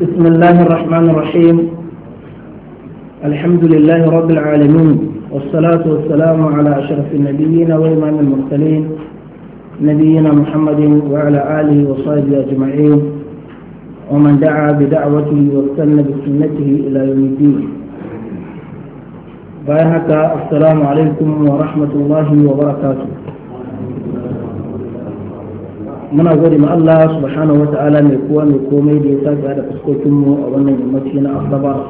بسم الله الرحمن الرحيم الحمد لله رب العالمين والصلاة والسلام على أشرف النبيين وإمام المرسلين نبينا محمد وعلى آله وصحبه أجمعين ومن دعا بدعوته واستنى بسنته إلى يوم الدين بايهك السلام عليكم ورحمة الله وبركاته muna gode ma Allah subhanahu wa ta'ala mai kowa mai komai da ya sake da fuskokin mu a wannan yammaci na Asaba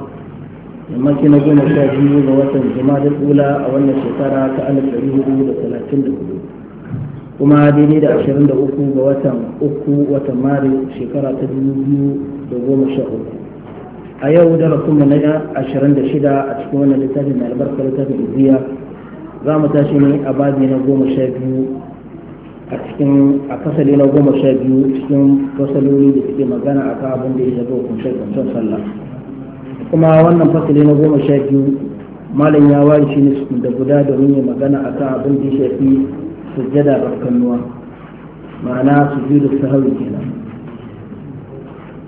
yammaci na goma sha biyu ga watan Jumadal Ula a wannan shekara ta alif ɗari hudu da talatin da hudu kuma daidai da ashirin da uku ga watan uku watan mari shekara ta dubu biyu da goma sha uku a yau darasin mu na ashirin da shida a cikin wannan littafin na albarkar littafin ibiya za mu tashi ne a babi na goma sha biyu a cikin a fasali na goma sha biyu cikin fasaloli da suke magana a kan abin da ya shafi hukuncin kwanciyar sallah kuma wannan fasali na goma sha biyu malam ya ware shi ne su da guda domin ya magana a kan abin da ya shafi sujjada barkannuwa ma'ana su biyu da su sahawi kenan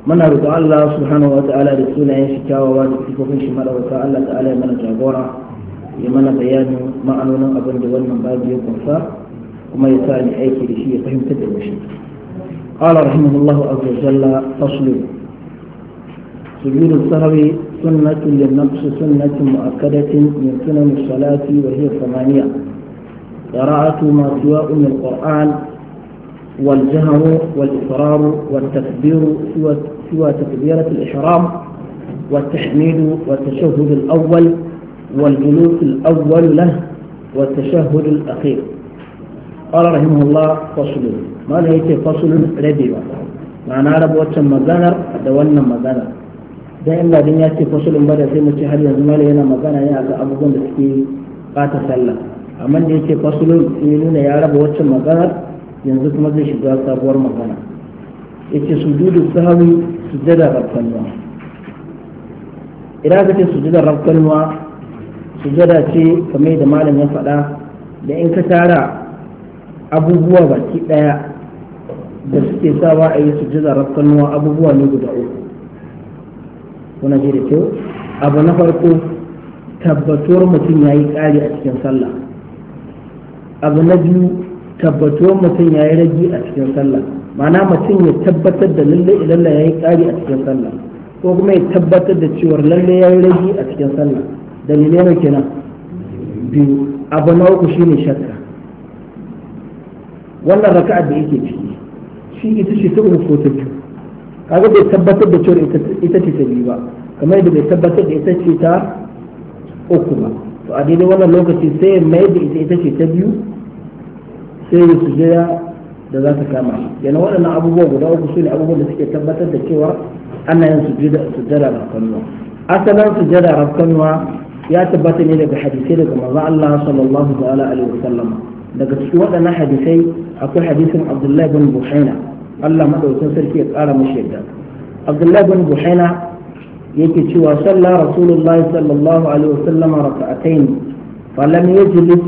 muna roƙo Allah subhanahu wa ta'ala da sunayen shi kyawawa da sifofin shi malawata Allah ta'ala ya mana jagora ya mana bayanin ma'anonin abin da wannan babu ya kunsa وما يسأل أي شيء فهم تدعو شيء قال رحمه الله عز وجل فصل سجود السهو سنة للنقص سنة مؤكدة من سنن الصلاة وهي الثمانية قراءة ما سواء من القرآن والجهر والإصرار والتكبير سوى, سوى تكبيرة الإحرام والتحميد والتشهد الأول والجلوس الأول له والتشهد الأخير قال رحمه الله فصل ما لا يكي فصل ربيبا معنى رب واتن مغانا wannan magana da in ladin ya ce fasulun bada sai mu ce har yanzu mala yana magana ne ga abubuwan da suke bata sallah amma da yake fasulun ya nuna ya raba waccan magana yanzu kuma zai shiga sabuwar magana yake sujudu sahwi sujada rabbana idan ka ce sujada rabbana sujada ce kamar da malam ya faɗa da in ka tara abubuwa baki ɗaya da suke ba a yi sujjada rafkanuwa abubuwa ne guda uku kuna ji da kyau abu na farko tabbatuwar mutum ya yi kari a cikin sallah abu na biyu tabbatuwar mutum ya yi ragi a cikin sallah ma'ana mutum ya tabbatar da lalle ilalla ya yi kari a cikin sallah ko kuma ya tabbatar da cewar lalle ya yi ragi a cikin sallah dalilai ne kenan biyu abu na uku shine shakka wannan raka'ar da yake ciki shi ita ce ta uku ko ta biyu kaga bai tabbatar da cewa ita ce ta biyu ba kamar yadda bai tabbatar da ita ce ta uku ba to a daidai wannan lokaci sai mai da ita ita ce ta biyu sai ya sujaya da za ta kama shi yana waɗannan abubuwa guda uku su ne abubuwan da suke tabbatar da cewa ana yin sujada rafkanuwa asalin sujada rafkanuwa ya tabbata ne daga hadisai daga manzo Allah sallallahu alaihi wa sallam daga cikin waɗannan hadisai akwai hadisin abdullahi bin buhaina allah maɗaukin sarki ya ƙara mashi yadda abdullahi bin buhaina yake cewa salla rasulullah sallallahu alaihi wasallam raka'atayn falam yajlis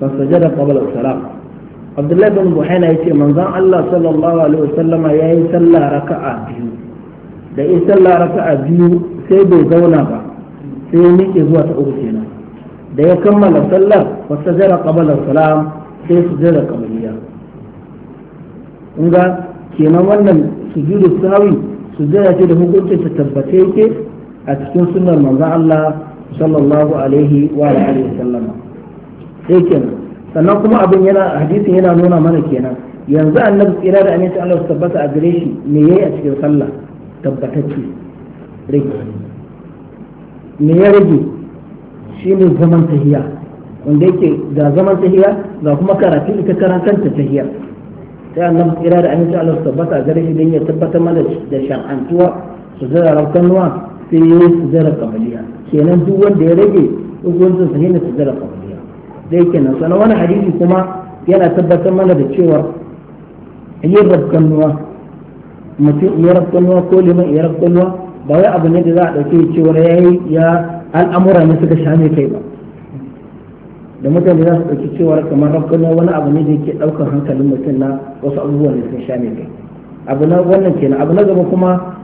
fa sajada qabla salam abdullahi bin buhaina yace manzon allah sallallahu alaihi wasallam yayi sallah raka'a biyu da yi sallah raka'a biyu sai bai zauna ba sai ya miƙe zuwa ta uku kenan da ya kammala sallar wata zara qabala salam sai su jira qabliya kunga kenan wannan sujudu sawi sujjada ce da hukunci ta tabbace yake a cikin sunnar manzon Allah sallallahu alaihi wa alihi wasallam sai kenan sannan kuma abin yana hadisin yana nuna mana kenan yanzu annabi tsira da aminci Allah su tabbata a gare shi me yayi a cikin sallah tabbatacce rage me ya rage shine zaman tahiya wanda yake ga zaman tahiya ga kuma karatu ita karan kanta tahiyya sai annabi kira da annabi Allah tabbata gare shi dan ya tabbatar mana da shar'antuwa su zara raukanuwa sai ya su zara kamaliya kenan duk wanda ya rage hukuncin sa ne su zara kamaliya dai kenan sanan wani hadisi kuma yana tabbatar mana da cewa yin raukanuwa mutum ya raukanuwa ko liman ya raukanuwa ba wai abu ne da za a dauke cewa yayi ya al'amura ne suka sha kai ba da mutane za su ɗauki cewa kamar rafkana wani abu ne da yake ɗaukar hankalin mutum na wasu abubuwan da suka sha kai abu na wannan kenan abu na gaba kuma